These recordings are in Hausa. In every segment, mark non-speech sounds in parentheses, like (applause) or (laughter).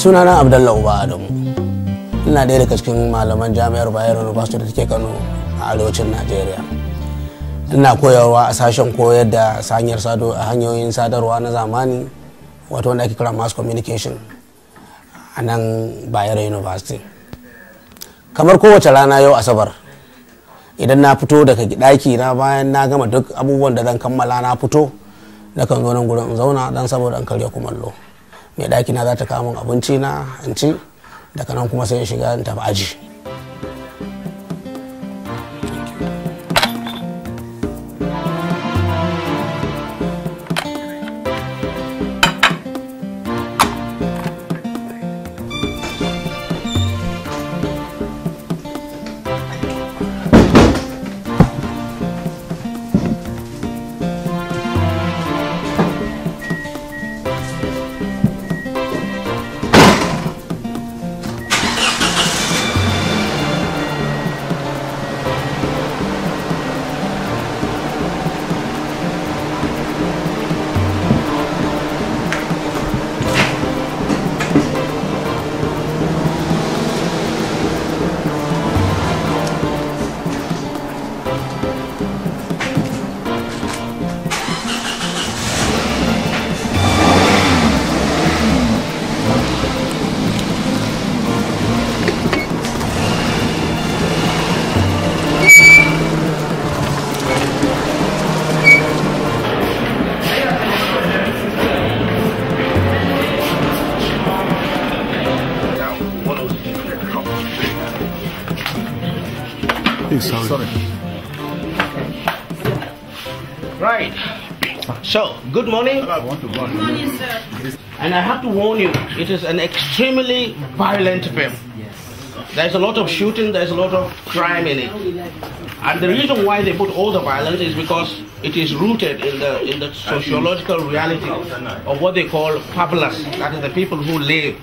sunana abdullahi uba adamu ina daya daga cikin malaman jami'ar bayero university da take kano a arewacin najeriya ina koyarwa a sashen koyar da hanyar sado a hanyoyin sadarwa na zamani wato wanda ake kira mass communication a nan bayero university kamar kowace rana yau asabar idan na fito daga ɗaki na bayan na gama duk abubuwan da zan kammala na fito na kan zo nan gurin zauna don saboda an karya kumallo. mai ɗakina za ta kawo min abinci na in ci daga nan kuma sai in shiga in tafi aji Good morning. Good morning, sir. And I have to warn you, it is an extremely violent film. There's a lot of shooting, there's a lot of crime in it. And the reason why they put all the violence is because it is rooted in the in the sociological reality of what they call favelas, that is the people who live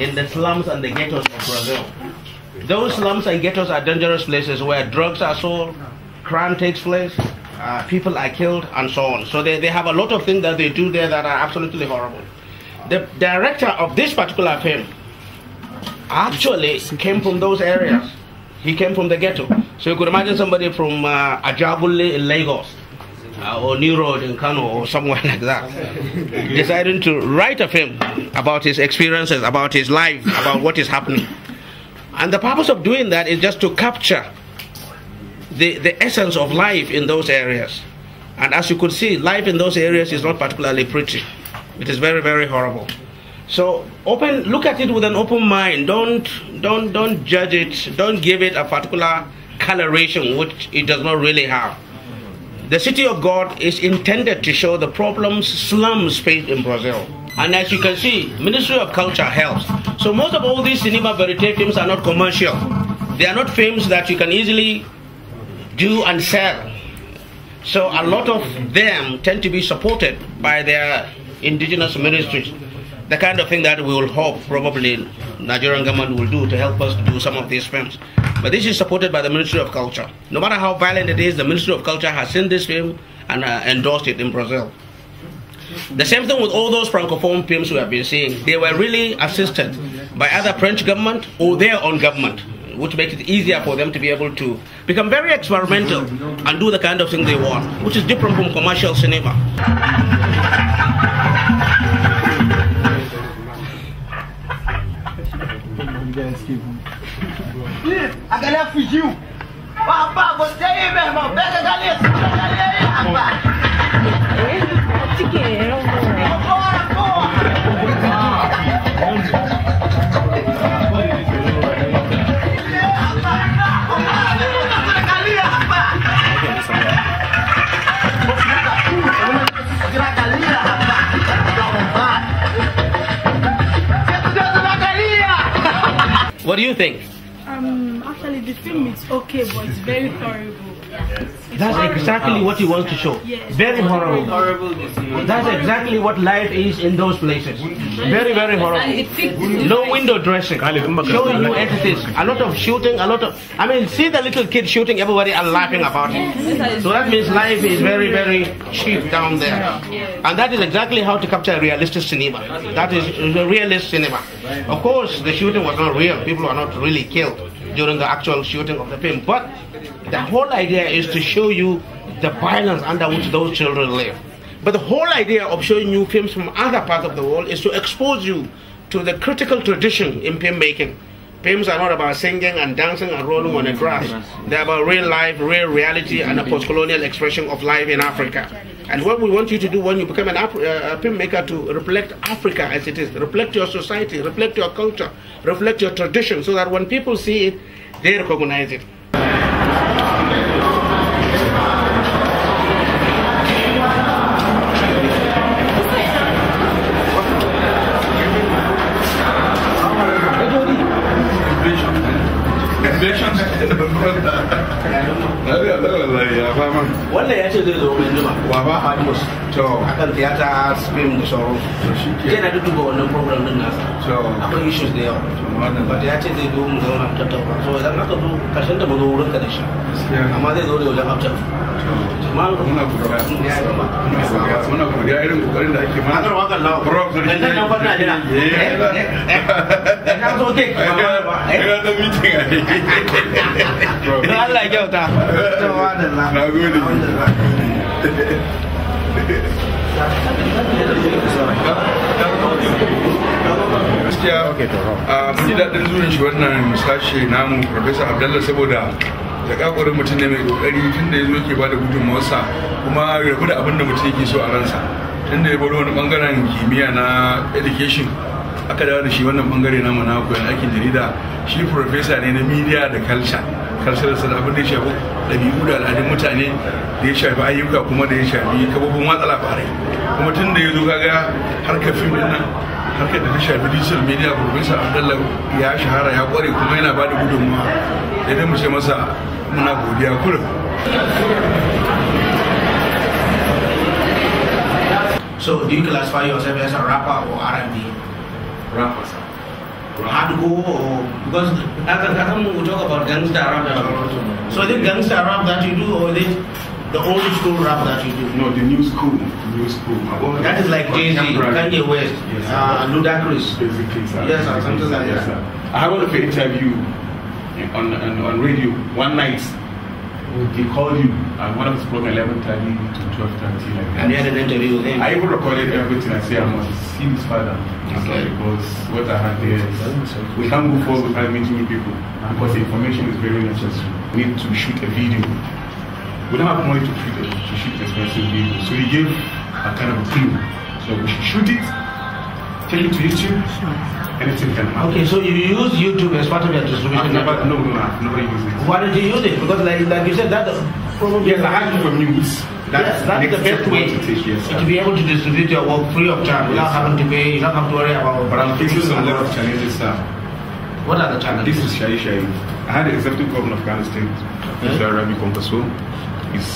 in the slums and the ghettos of Brazil. Those slums and ghettos are dangerous places where drugs are sold, crime takes place, uh, people are killed, and so on. So they, they have a lot of things that they do there that are absolutely horrible. The director of this particular film actually came from those areas. He came from the ghetto. So you could imagine somebody from uh, in Lagos uh, or New Road in Kano or somewhere (laughs) like that deciding to write a film about his experiences, about his life, about what is happening. And the purpose of doing that is just to capture the, the essence of life in those areas. And as you could see, life in those areas is not particularly pretty. It is very, very horrible. So open, look at it with an open mind. Don't, don't, don't judge it. Don't give it a particular coloration which it does not really have. The city of God is intended to show the problems slums face in Brazil. And as you can see, Ministry of Culture helps. So most of all these cinema verite films are not commercial. They are not films that you can easily do and sell. So a lot of them tend to be supported by their indigenous ministries. The kind of thing that we will hope probably Nigerian government will do to help us do some of these films. But this is supported by the Ministry of Culture. No matter how violent it is, the Ministry of Culture has seen this film and uh, endorsed it in Brazil. The same thing with all those francophone films we have been seeing. They were really assisted by either French government or their own government, which makes it easier for them to be able to become very experimental and do the kind of thing they want, which is different from commercial cinema. I can help with you. Papa, você aí, meu irmão, pega a Pega a aí, What do you think? Um, actually, the film is okay, but it's very horrible. That's exactly what he wants to show. Very horrible. That's exactly what life is in those places. Very, very horrible. No window dressing. Showing you entities. A lot of shooting, a lot of... I mean, see the little kid shooting everybody and laughing about it. So that means life is very, very cheap down there. And that is exactly how to capture realistic cinema. That is realist cinema. Of course, the shooting was not real. People were not really killed during the actual shooting of the film. But the whole idea is to show you the violence under which those children live. But the whole idea of showing you films from other parts of the world is to expose you to the critical tradition in film making. Films are not about singing and dancing and rolling on the grass. They're about real life, real reality, and a post-colonial expression of life in Africa. And what we want you to do when you become an Af- uh, filmmaker to reflect Africa as it is, reflect your society, reflect your culture, reflect your tradition, so that when people see it, they recognize it. wannan ya ce zai zo mai juma wa ba hamus to akan tiyata spin da sauransu to shi ke yana wannan program din nasa to akwai issues da yawa wannan ba ya ce zai zo mu zauna tattauna so idan aka zo karshen da mu zo wurin ka da shi amma zai zo da wajen after muna godiya irin kokarin da ake mana akan wakan lawa program da nan ban na jira eh, eh, eh. na zo (laughs) ba eh na da a ne Allah ya kyauta (laughs) na gode (laughs) gaskiya ah, ji daɗin zuwan shi wannan sashe namu Profesa Abdallah saboda zakakurin mutum ne mai kokari tun da ya zo ke bada kuma rabu da abin da mutum yake so a ransa tun da ya bari wani bangaren kimiyya na education aka dawo da shi wannan bangare na mana koyan aikin jarida shi profesa ne na media da culture cultural abin da ya shafi ɗabi'u da al'adun mutane da ya shafi ayyuka kuma da ya shafi kababin watsa labarai kuma tun da ya zo gaga harkar fim din nan harkar da ta shafi digital media professor abdallah ya shahara ya kware kuma yana ba da gudunmawa idan mu ce masa muna godiya kurin So, do you classify yourself as a rapper or R&B? Rapper, sir. hardcore or because Katham Katham we talk about gangster rap that you So is it gangster rap that you do or is it the old school rap that you do? No, the new school. The new school. That is like Jay Z, Kanye West, yes, uh, Ludacris. Basically, sir. Yes, sir. Something like that. Yes, sir. I happened interview on, on on radio one night they called you, and when I was from 11.30 to 12.30 like that. And you had an interview with him? I even recorded everything. I say I must see his father. Okay. Because what I had there is, we can't go forward without meeting new people. Because the information is very necessary. We need to shoot a video. We don't have money to shoot, a, to shoot expensive video. So he gave a kind of a clue. So we should shoot it, take it to YouTube, anything can happen. Okay, so you use YouTube as part of your distribution? never, no, no, never it. Why did you use it? Because like, like you said, that probably... Yes, I had to from news. That's, yes, that's the best way to, yes, to be able to distribute your work free of charge yes. without having to pay, you don't have to worry about... But I'm facing some lot of challenges, sir. What are the challenges? This is Shai Shai. I had the executive governor of Afghanistan, okay. Mr. Eh? Rabi Compasso. He's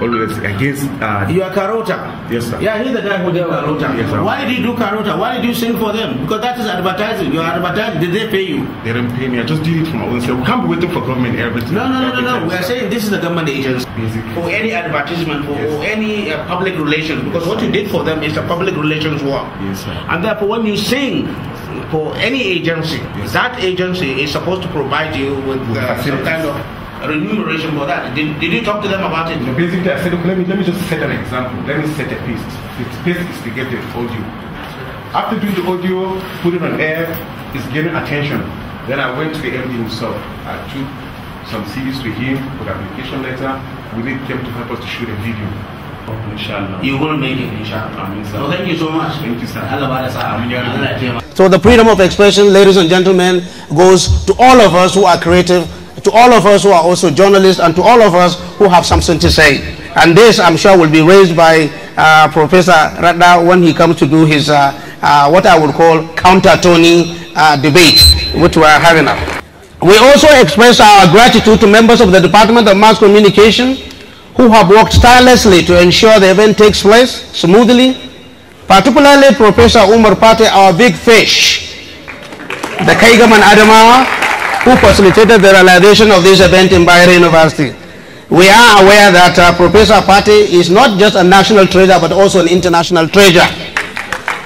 always against. Uh, uh, you are Karota. Yes, sir. Yeah, he's the guy who did Karota. Yes, sir. Why did you do Karota? Why did you sing for them? Because that is advertising. You are advertising. Did they pay you? They didn't pay me. I just did it for my own self. We can't be waiting for government everything. No, no, no, no, no. We are saying this is the government agency. For any advertisement, for, yes. or any uh, public relations. Because what you did for them is a public relations work. Yes, sir. And therefore, when you sing, for any agency, yes. that agency is supposed to provide you with uh, some kind of remuneration for that. Did, did you talk to them about it? basically, I said, okay, let me, let me just set an example. Let me set a piece. The piece is to get the audio. After doing the audio, put it on air, it's getting attention. Then I went to the MD himself. I took some CDs to him with application letter. We need them to help us to shoot a video. Inshallah. You will make it, inshallah. So thank you so much. Thank you, sir. So the freedom of expression, ladies and gentlemen, goes to all of us who are creative to all of us who are also journalists and to all of us who have something to say. And this, I'm sure, will be raised by uh, Professor Radda when he comes to do his, uh, uh, what I would call, counter-Tony uh, debate, which we are having now. We also express our gratitude to members of the Department of Mass Communication who have worked tirelessly to ensure the event takes place smoothly, particularly Professor Umar Pate, our big fish, the Kaigaman Adamawa, who facilitated the realization of this event in Bahrain University. We are aware that uh, Professor Patti is not just a national treasure but also an international treasure.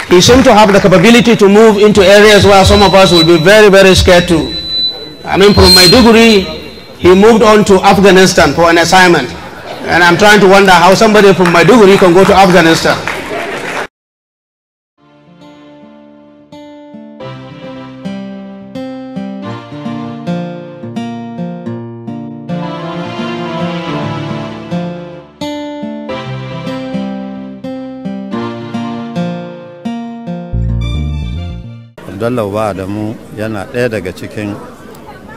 He seems to have the capability to move into areas where some of us will be very, very scared to. I mean, from my degree, he moved on to Afghanistan for an assignment. And I'm trying to wonder how somebody from my degree can go to Afghanistan. abdullahi ba da mu yana ɗaya daga cikin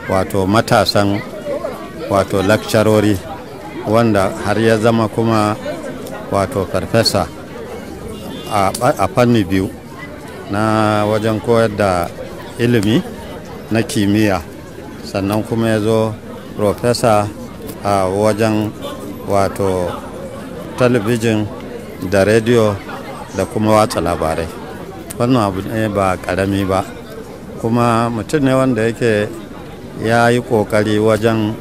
wato matasan wato lakcarori wanda har ya zama kuma wato farfesa a fanni biyu na wajen koyar da ilimi na kimiyya sannan kuma ya zo profesa a wajen wato talabijin da rediyo da kuma watsa labarai wannan abu ne ba karami ba kuma mutum ne wanda yake ya yi kokari wajen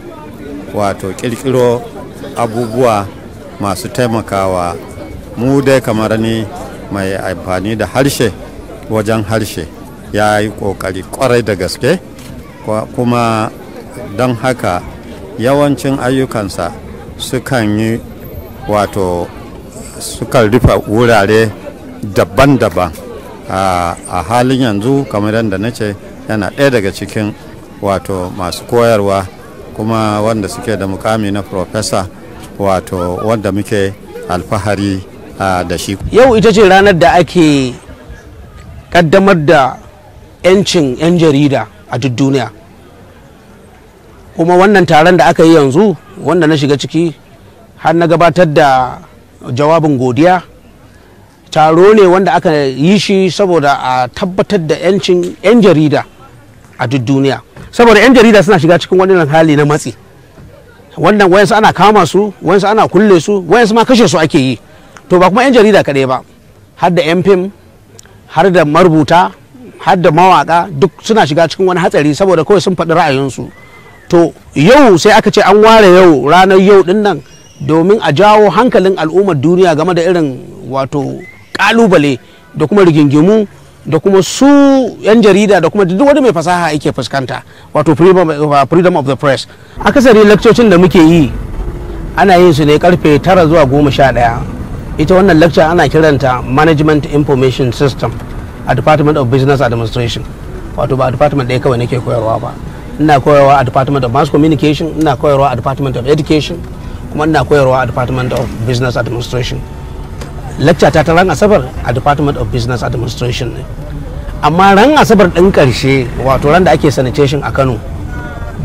wato kirkiro abubuwa masu taimakawa mu dai kamar ni mai amfani da harshe wajen harshe ya yi kokari kwarai da gaske kuma don haka yawancin ayyukansa sukan yi wato sukan rufe wurare daban-daban a halin yanzu kamar yadda na ce yana ɗaya daga cikin wato masu koyarwa kuma wanda suke da mukami na profesa wato wanda muke alfahari da shi yau ita ce ranar da ake kaddamar da 'yancin 'yan jarida a duk duniya kuma wannan taron da aka yi yanzu wanda na shiga ciki har na gabatar da jawabin godiya taro ne wanda aka yi shi saboda a tabbatar da 'yancin 'yan jarida a duk duniya saboda 'yan jarida suna shiga cikin wani hali na matsi wannan wayansu ana kama su wayansu ana kulle su wayansu ma kashe su ake yi to ba kuma 'yan jarida kaɗai ba har da 'yan fim har da marubuta har da mawaka duk suna shiga cikin wani hatsari saboda kawai sun faɗi ra'ayinsu to yau sai aka ce an ware yau ranar yau ɗin nan domin a jawo hankalin al'ummar duniya game da irin wato kalubale da kuma rigingimu da kuma su 'yan jarida da kuma duk wani mai fasaha yake fuskanta wato freedom uh, of the press akasari lakcocin da muke yi ana yin su ne karfe 9 zuwa 11 ita wannan lecture ana kiranta management information system a department of business administration wato ba a department ɗaya kawai nake koyarwa ba ina koyarwa a department of mass communication ina koyarwa a department of education kuma ina koyarwa a department of business administration lecture ta ta ran asabar a department of business administration ne amma ran asabar ɗin ƙarshe wato ran da ake sanitation a kano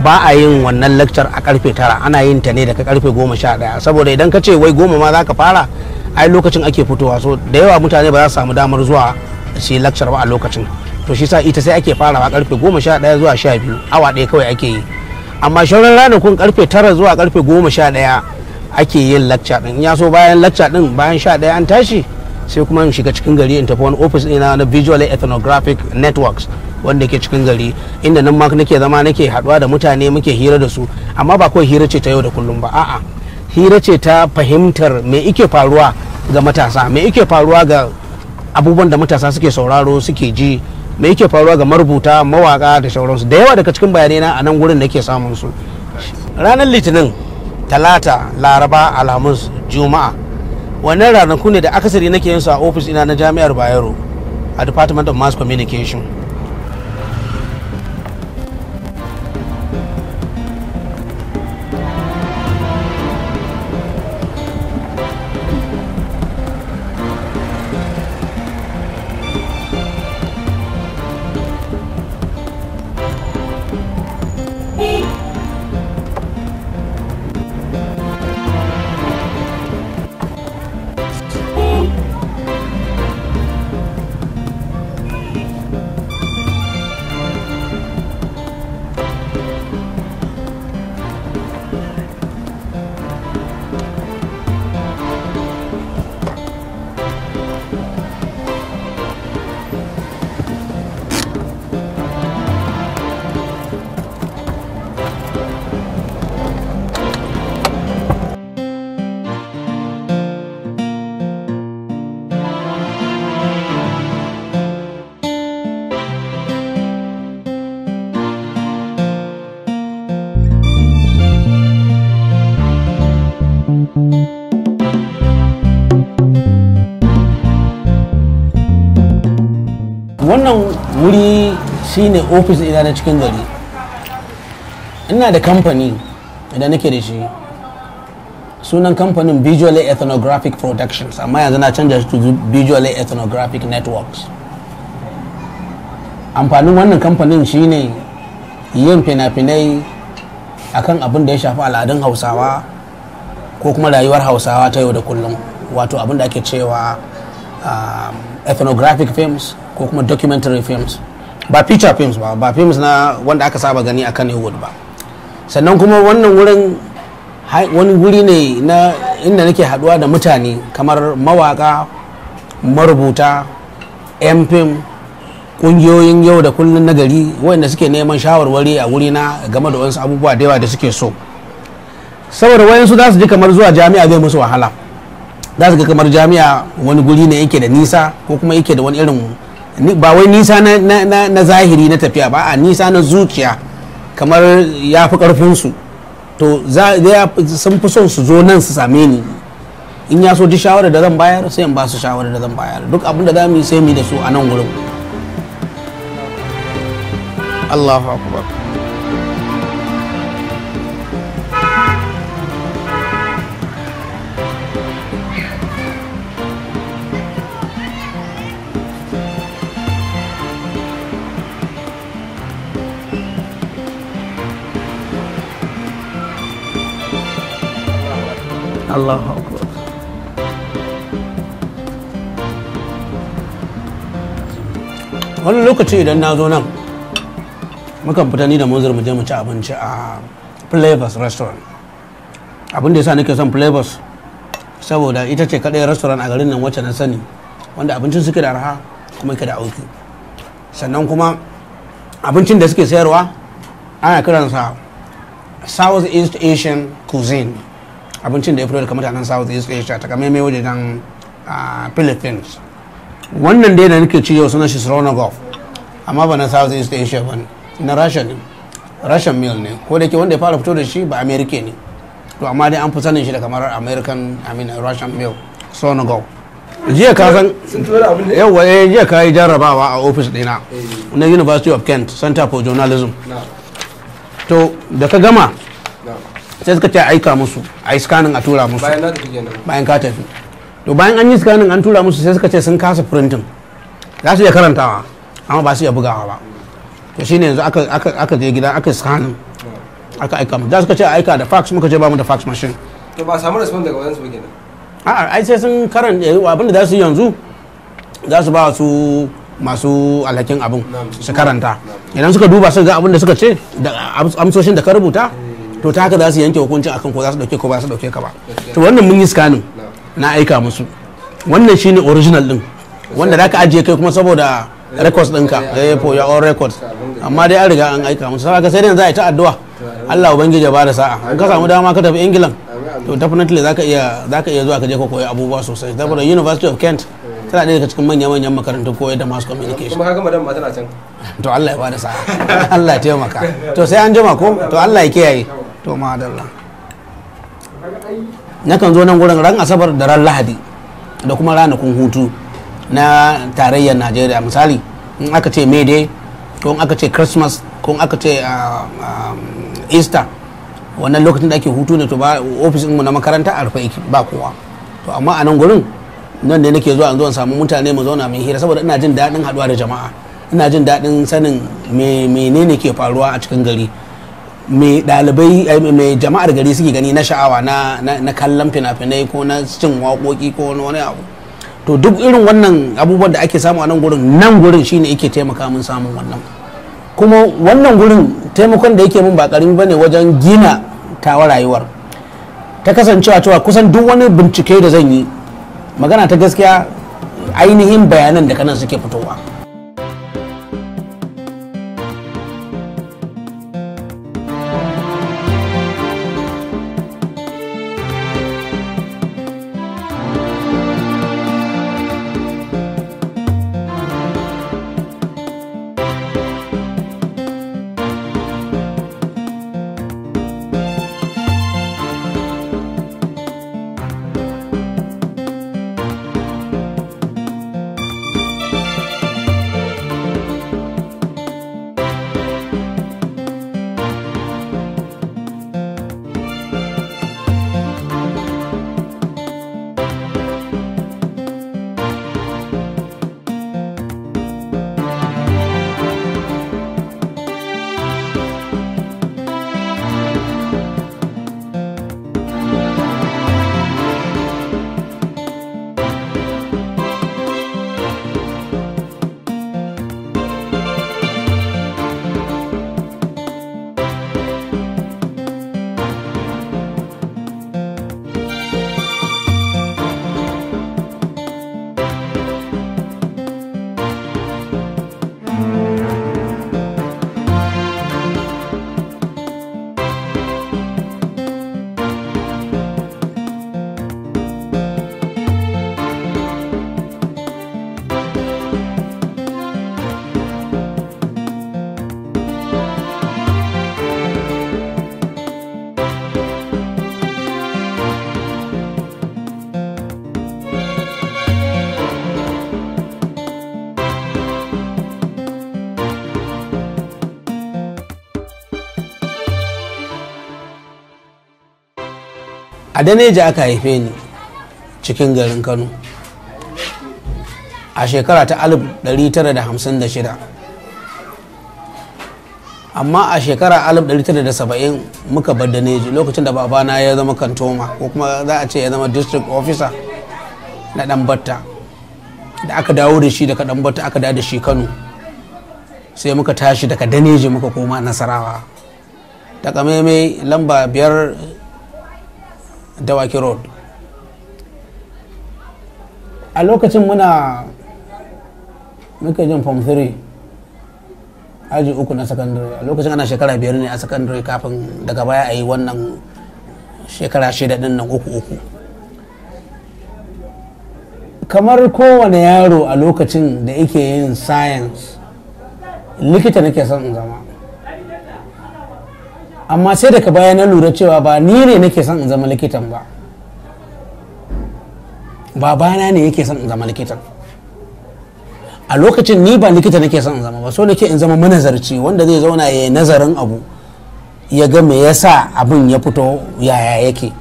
ba a yin wannan lecture a karfe tara ana yin ta ne daga karfe goma sha ɗaya saboda idan ka ce wai goma ma za ka fara ai lokacin ake fitowa so da yawa mutane ba za su samu damar zuwa su yi lecture ba a lokacin to shi sa ita sai ake farawa karfe goma sha ɗaya zuwa sha biyu awa ɗaya kawai ake yi amma shauran ranakun karfe tara zuwa karfe goma sha ɗaya ake yin lacca din ya so bayan lacca din bayan sha ɗaya an tashi sai kuma in shiga cikin gari in tafi wani ofis ɗina na visual ethnographic networks wanda ke cikin gari inda nan ma nake zama nake haɗuwa da mutane muke hira da su amma ba kawai hira ce ta yau da kullum ba a'a hira ce ta fahimtar me ike faruwa ga matasa me ike faruwa ga abubuwan da matasa suke sauraro suke ji me ike faruwa ga marubuta mawaka da sauransu da yawa daga cikin bayanai na a nan gurin da samun su ranar litinin talata laraba alhamis juma'a wannan ranaku ne da akasari nake yin su a ofis ina na jami'ar bayero a department of mass communication wannan wuri shine ofis ina na cikin gari ina da kamfani idan nake da shi sunan kamfanin visual ethnographic productions amma yanzu na canja shi to visual ethnographic networks amfanin wannan kamfanin shine yin fina-finai akan abin da ya shafi al'adun hausawa ko kuma rayuwar hausawa ta yau da kullum wato abin da ake cewa ah, ethnographic films ko kuma documentary films ba feature films ba ba films na wanda aka saba gani a Kannywood ba sannan kuma wannan wurin wani wuri ne na inda nake haduwa da mutane kamar mawaka marubuta 'yan fim kungiyoyin yau da kullun na gari wanda suke neman shawarwari a wuri na game da wasu abubuwa da yawa da suke so saboda wayansu za su ji kamar zuwa jami'a zai musu wahala za su ga kamar jami'a wani guri ne yake da nisa ko kuma yake da wani irin ba wai nisa na, zahiri na tafiya ba a nisa na zuciya kamar ya fi ƙarfinsu to sun fi son su zo nan su same ni in ya so shawarar da zan bayar sai in ba su shawarar da zan bayar duk abin da za mu yi sai mu da su a nan gurin Allahu akbar Allah wani lokaci idan na zo nan mukan fita ni da manzar mu je mu ci abinci a flavors restaurant abin da yasa nake son flavors saboda ita ce kadai restaurant a garin nan wacce na sani wanda abincin suke da arha kuma yake da auki sannan kuma abincin da suke sayarwa ana kiransa south east asian cuisine abincin da ya fito daga mutanen south east asia ta kamar mai wajen ah, philippines wannan dai da nake ci yau suna shi sronogov amma ba na south east asia ba na russia ne russian meal ne ko da ke wanda ya fara fito da shi ba america ne to amma dai an fi sanin shi da kamar american i mean russian meal sronogov jiya ka san yawa eh jiya ka yi jarrabawa a ofis dina eh. na university of kent center for journalism to da ka gama sai suka ce aika musu a yi a tura musu bayan ka tafi to bayan an yi scanning an tura musu sai suka ce sun kasa printin za su iya karantawa amma ba su iya bugawa ba to shine yanzu aka je gida aka scanning aka aika musu za suka ce aika da fax muka ce ba mu da fax machine to ba samu response daga wajen su kenan a ai sai sun karanta eh, abin da za su yanzu za su ba su masu alhakin abin su karanta idan suka duba su ga abin da suka ce da amsoshin da ka rubuta to ta haka za su yanke hukuncin akan ko za su dauke ko ba su dauke ka ba to wannan mun yi scanning na aika musu wannan shine original din wanda za ka ajiye kai kuma saboda records ɗinka da eh, ya your all records amma dai an riga an aika musu saboda sai dai za a yi ta addu'a Allah ubangiji ya bada sa'a in ka samu dama ka tafi England to definitely ka iya ka iya zuwa ka je ka koyi abubuwa sosai saboda University of Kent tana ɗaya daga cikin manya-manyan makarantun koyar da mass communication kuma kaga madam tana can to Allah ya bada sa'a (laughs) Allah ya taimaka to sai an jima ko to Allah ya kiyaye to madalla nakan zo nan gurin ran asabar da ran lahadi da kuma ranakun hutu na tarayyar najeriya misali in aka ce may day ko in aka ce christmas ko in aka ce ah, ah, easter wannan lokacin da ake hutu ne to ba ofis mu na makaranta a rufe ba kowa to amma a nan gurin nan da nake zuwa an zo in samu mutane mu zauna mai hira saboda ina jin daɗin haɗuwa da jama'a ina jin daɗin sanin menene ke faruwa a cikin gari mai dalibai mai jama'ar gari suke gani na sha'awa na kallon fina-finai ko na cin waƙoƙi ko wani abu to duk irin wannan abubuwan da ake samu a nan gurin nan gurin shine yake taimaka min samun wannan kuma wannan gurin taimakon da yake min ba karimi bane wajen gina tawa rayuwar ta kasancewa cewa kusan duk wani bincike da zan yi magana ta gaskiya ainihin bayanan da kanan suke fitowa a daneja aka haife ni cikin garin kano a shekara ta 1956 amma a shekara 1970 muka bar daneji lokacin da babana ya zama kantoma ko kuma za a ce ya zama district officer na danbatta da aka dawo da shi daga danbatta aka dawo da shi kano sai muka tashi daga daneji muka koma nasarawa takamaimai lamba biyar dawaki road a lokacin muna muka jin form 3 aji uku na secondary a lokacin ana shekara biyar ne a secondary kafin daga baya a yi wannan shekara shida din nan uku uku kamar kowane yaro a lokacin da yake yin science likita nake son in zama amma sai daga baya na lura cewa ba ni ne nake son in zama likitan ba babana ne yake son in zama likitan a lokacin ni ba likita nake son in zama ba so nake in zama manazarci wanda zai zauna ya nazarin abu ya ga me yasa abin ya fito yaya yake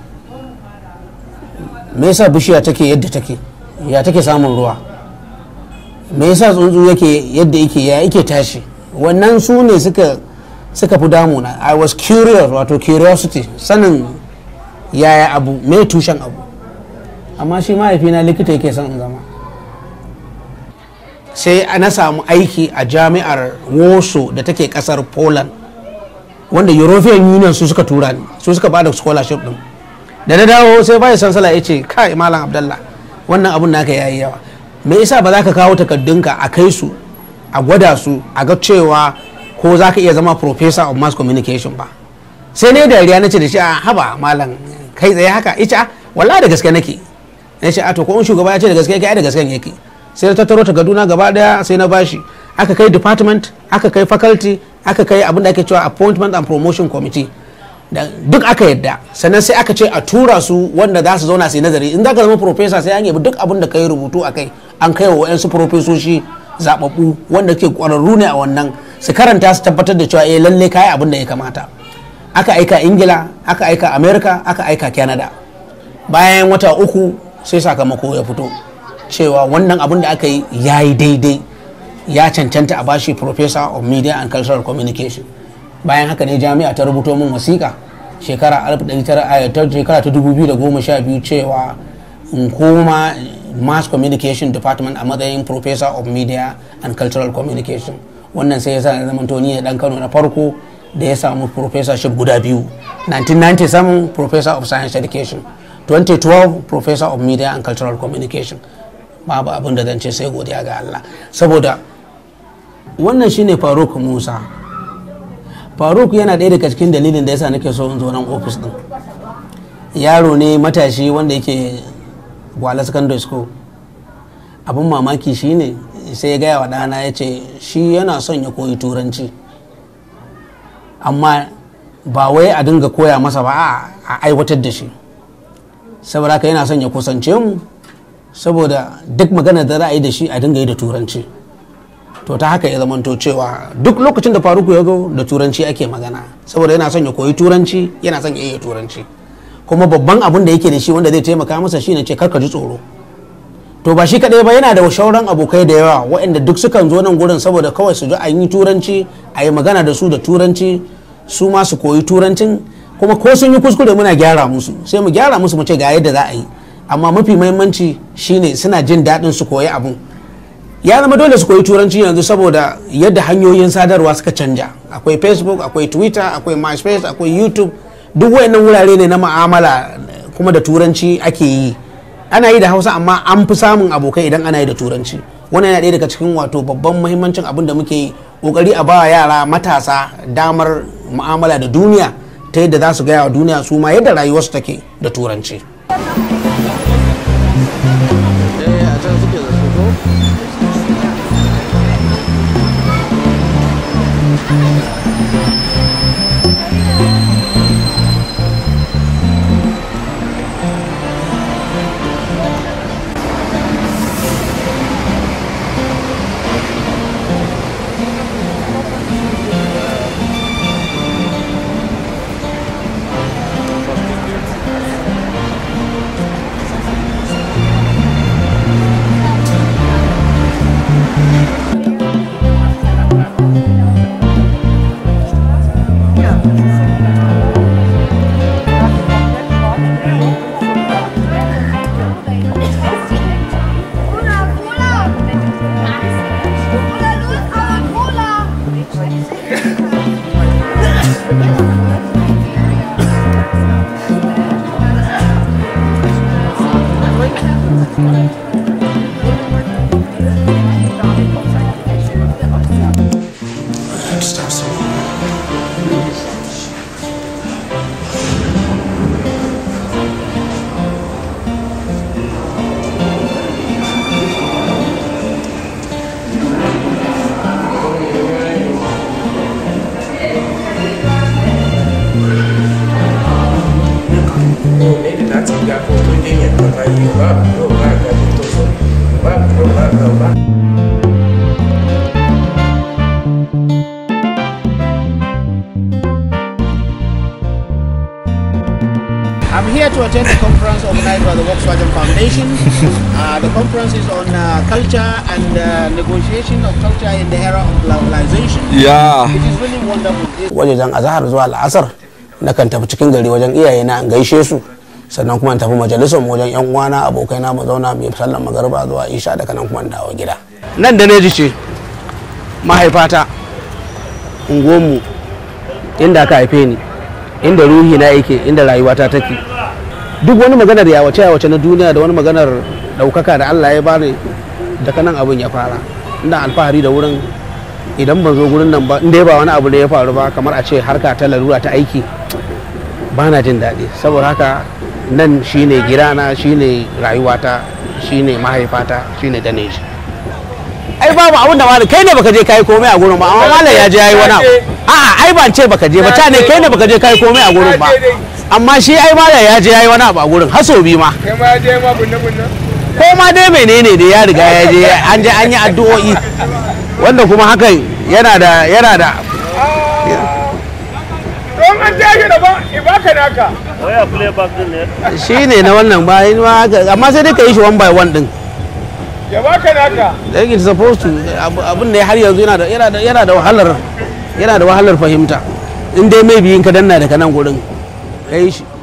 me yasa bishiya take yadda take ya take samun ruwa me yasa tsuntsu yake yadda yake ya yake tashi wannan su ne suka suka fi damu na i was curious wato curiosity sanin yaya abu mai tushen abu amma shi mahaifina likita yake son in zama sai ana samu aiki a jami'ar woso da take kasar poland wanda european union su suka tura ni su suka bada scholarship din da na dawo sai bai sala ya ce ka imalan abdallah wannan abun naka yi yawa me yasa ba za ka kawo takaddunka a kai su a gwada su a ga cewa ko za ka iya zama professor of mass communication ba sai ne dariya na ce da shi a ah, haba malam kai tsaye haka ita ah, walla da gaske nake na ce a ah, to ko in shugaba ya ce da gaske yake ai da gaske yake sai na tattaro ta gaduna gaba daya sai na bashi aka kai department aka kai faculty aka kai abin da ake cewa appointment and promotion committee duk aka yadda sannan sai aka ce a tura su wanda za su zauna su yi nazari in za ka zama profesa sai an yabi duk abin da ka yi rubutu a kai an kai wa 'yansu profesoshi zababbu wanda ke kwararru ne a wannan su karanta su tabbatar da cewa eh lalle kai abin da ya kamata aka aika ingila aka aika america aka aika canada bayan wata uku sai sakamako ya fito cewa wannan abin da aka yi ya yi daidai ya cancanta a bashi professor of media and cultural communication bayan haka ne jami'a ta rubuto min wasiƙa shekara 1912 eh, shekara ta cewa in koma mass communication department a matsayin professor of media and cultural communication wannan sai ya sa zama ni ne dan kano na farko da ya samu professorship guda biyu 1997 professor of science education 2012 professor of media and cultural communication babu abin da zan ce sai godiya ga Allah saboda wannan shine faruk musa faruk yana ɗaya daga cikin dalilin da ya sa nake so in zo nan ofis din yaro ne matashi wanda yake gwala secondary school abin mamaki shine sai ya gaya wa ɗana ya ce shi yana son ya koyi turanci amma ba wai a dinga koya masa ba a aiwatar da shi saboda haka yana son ya kusance mu saboda duk magana da za a yi da shi a dinga yi da turanci to ta haka ya zamanto cewa duk lokacin da faruku ya zo da turanci ake magana saboda yana son ya koyi turanci yana son ya iya turanci kuma babban abun da yake da shi wanda zai taimaka masa shi ne ce karka ji tsoro to ba shi kaɗai ba yana da shauran abokai da yawa waɗanda duk sukan zo nan gurin saboda kawai su ji an yi turanci a yi magana da su da turanci su ma su koyi turancin kuma ko sun yi kuskure muna gyara musu sai mu gyara musu mu ce ga yadda za a yi amma mafi mahimmanci shine suna jin daɗin su koyi abun ya zama dole su koyi turanci yanzu saboda yadda hanyoyin sadarwa suka canja akwai facebook akwai twitter akwai myspace akwai youtube duk wayannan wurare ne na ma'amala kuma da turanci ake yi ana yi da hausa amma an fi samun abokai idan ana yi da turanci Wani yana ɗaya daga cikin wato babban muhimmancin abin da muke kokari a bawa yara matasa damar mu'amala da duniya ta yadda za su gaya wa duniya su ma yadda rayuwarsu take da turanci organized by the Volkswagen Foundation. (laughs) uh, the conference is on uh, culture and uh, negotiation of culture in the era of globalization. Yeah. It is really wonderful. Wajen azahar zuwa al'asar na kan tafi cikin gari wajen iyaye na gaishe su sannan kuma tafi majalisar wajen yan uwana abokai na mazauna mai sallan magarba zuwa isha daga nan kuma dawo gida. Nan da neji ce mahaifata unguwanmu inda aka haife ni inda ruhi na yake inda rayuwata take duk wani maganar ya wace-ya wace na duniya da wani maganar ɗaukaka da allah ya bani daga nan abin ya fara ina alfahari da wurin idan ban zo gurin nan ba inda ba wani abu da ya faru ba kamar a ce harka ta larura ta aiki ba na jin daɗi saboda haka nan shine girana shine rayuwata shine mahaifata shine dane shi ai babu abin da wani kai ne baka je kai komai a gurin ba amma malam ya je yayi wani abu a'a ai ban ce baka je ba ta ne kai ne baka je kai komai a gurin ba amma shi ai ma da ya je ya yi wani abu a gurin haso bi ma ya ma ko ma dai menene da ya riga ya je an je an yi addu'o'i wanda kuma hakan yana da yana da ah. don an tashi da ba ibaka naka waya play back din ne shi ne na wannan ba amma sai dai ka yi shi one by one din ya baka naka da yake supposed to abun ne har yanzu yana da yana da wahalar yana da wahalar fahimta in dai mai biyin ka danna daga nan gurin ex é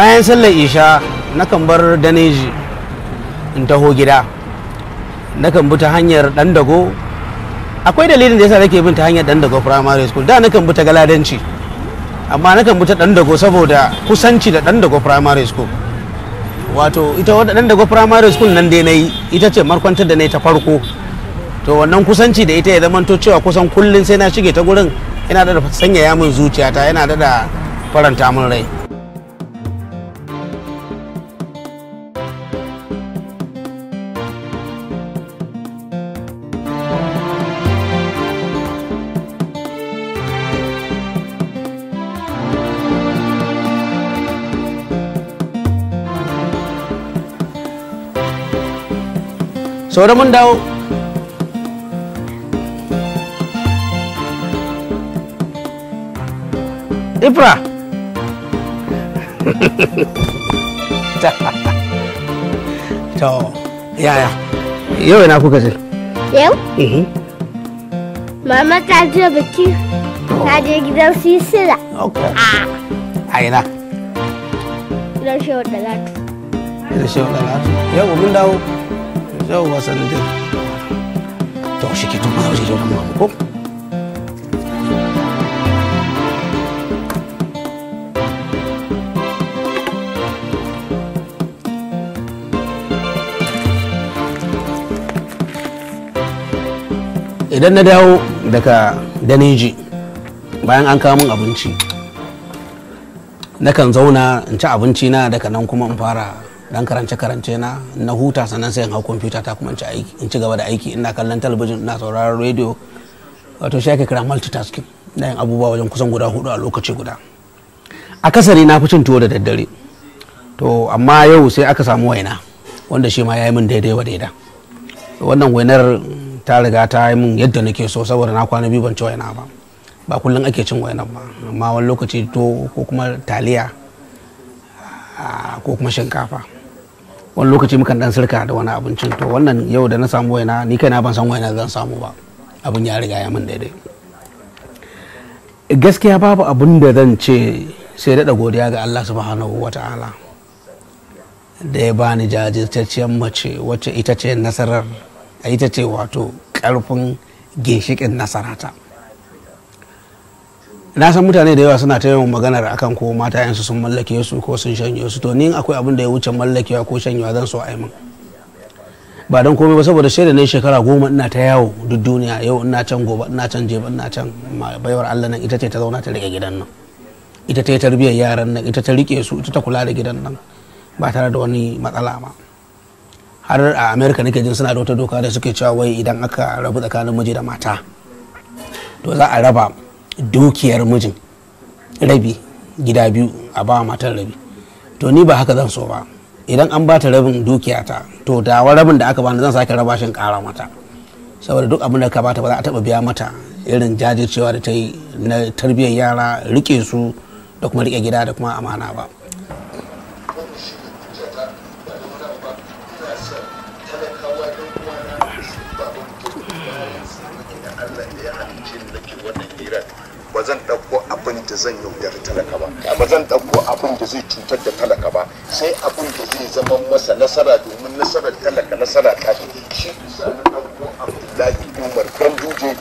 bayan sallar isha nakan bar daneji in taho gida nakan bi ta hanyar dandago akwai dalilin da yasa nake bin ta hanyar dandago primary school da nakan bi ta galadanci amma nakan bi ta dandago saboda kusanci da dandago primary school wato ita wadda dandago primary school nan dai nayi ita ce markwantar da nayi ta farko to wannan kusanci da ita ya to cewa kusan kullun sai na shige ta gurin yana da sanyaya min zuciyata yana da faranta min rai sauran mun dawo ifra (laughs) to yaya yau ina kuka je yau mhm. mama ta je biki ta je gidan sisila a ina gidan shehu dalatu gidan shehu dalatu yau mun dawo yawwa sanadin to idan na dawo daga daneji bayan an kawo min abinci nakan zauna in ci abinci na daga nan kuma in fara dan karance karance na na huta sannan sai in hau kwamfuta ta kuma in ci gaba da aiki ina kallon talabijin ina sauraron rediyo wato shi ake kira multitasking na yin abubuwa wajen kusan guda hudu a lokaci guda akasari na fi cin tuwo da daddare to amma yau sai aka samu waina wanda shi ma ya yi min daidai wa daida wannan wainar ta riga ta yi min yadda nake so saboda na kwana biyu ban ci waina ba ba kullum ake cin wainar ba amma wani lokaci to ko kuma taliya ah, ko kuma shinkafa wani lokaci mukan dan sirka da wani abincin to wannan yau da na samu waina ni na ban san waina zan samu ba abin ya riga ya min daidai gaskiya babu abin da zan ce sai daɗa godiya ga Allah subhanahu wa ta'ala da ya bani jajirtacciyar mace wacce ita ce nasarar ita ce wato ƙarfin ginshiƙin nasarata na san mutane da yawa suna ta yawan maganar akan ko mata yansu sun mallake su ko sun shanye su to ni akwai abin da ya wuce mallakewa ko shanyewa zan so a min ba don komai ba saboda sai da na shekara goma ina ta yawo duk duniya yau ina can gobe ina can jeba ina can baiwar Allah nan ita ce ta zauna ta rike gidan nan ita ta yi tarbiyyar yaran nan ita ta rike su ita ta kula da gidan nan ba tare da wani matsala ma. har a america nake jin suna da wata doka da suke cewa wai idan aka rabu tsakanin miji da mata to za a raba dukiyar mijin rabi gida biyu a ba matan rabi to ni ba haka zan so ba idan an bata rabin dukiyata to dawa rabin da aka bani zan sake raba shi kara mata saboda duk abin da ka bata ba za a taba biya mata irin jajircewa da ta yi na tarbiyyar yara rike su da kuma rike gida da kuma amana ba ba zan ɗauko abin da zan yaudar talaka ba ba zan ɗauko abin da zai cutar da talaka ba sai abin da zai zama masa nasara domin nasarar talaka nasara ta shi sanin abdullahi umar kan duje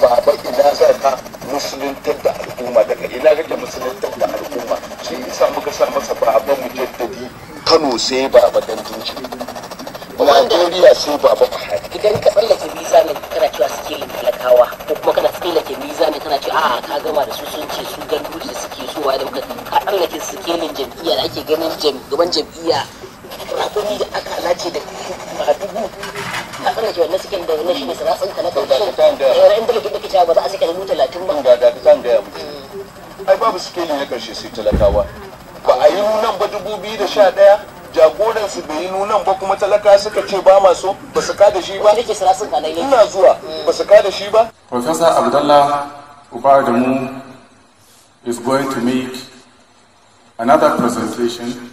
baba ina za ka musuluntar da al'umma daga ina kake musuluntar da al'umma shi isa muka sa masa baba jaddadi. kano sai baba dan duje Nigeria sai baba Buhari. Idan ka tsallake visa ne kana cewa suke talakawa ko kuma kana kai lake mizani tana ce a ka gama da su sun ce su gan gandu da suke so wa da muka ka ke sikelin jam'iyya da ake ganin gaban jam'iyya rakumi da aka lace da dubu a tsallake wannan suke da wannan shine sana'a ka na kaushe karshen eh, ran da kake cewa ba za a sike da talatin ba ga da kan ga mm. ai babu sikelin ya karshe sai talakawa ba a yi nan ba dubu biyu jagoran su ba kuma talaka suka ce ba ba su shi ba ina zuwa hmm. ba su shi ba professor abdullah ubadamu is going to make another presentation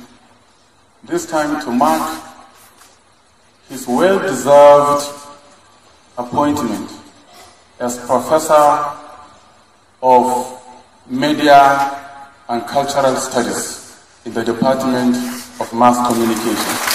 this time to mark his well-deserved appointment as professor of media and cultural studies in the department of mass communication.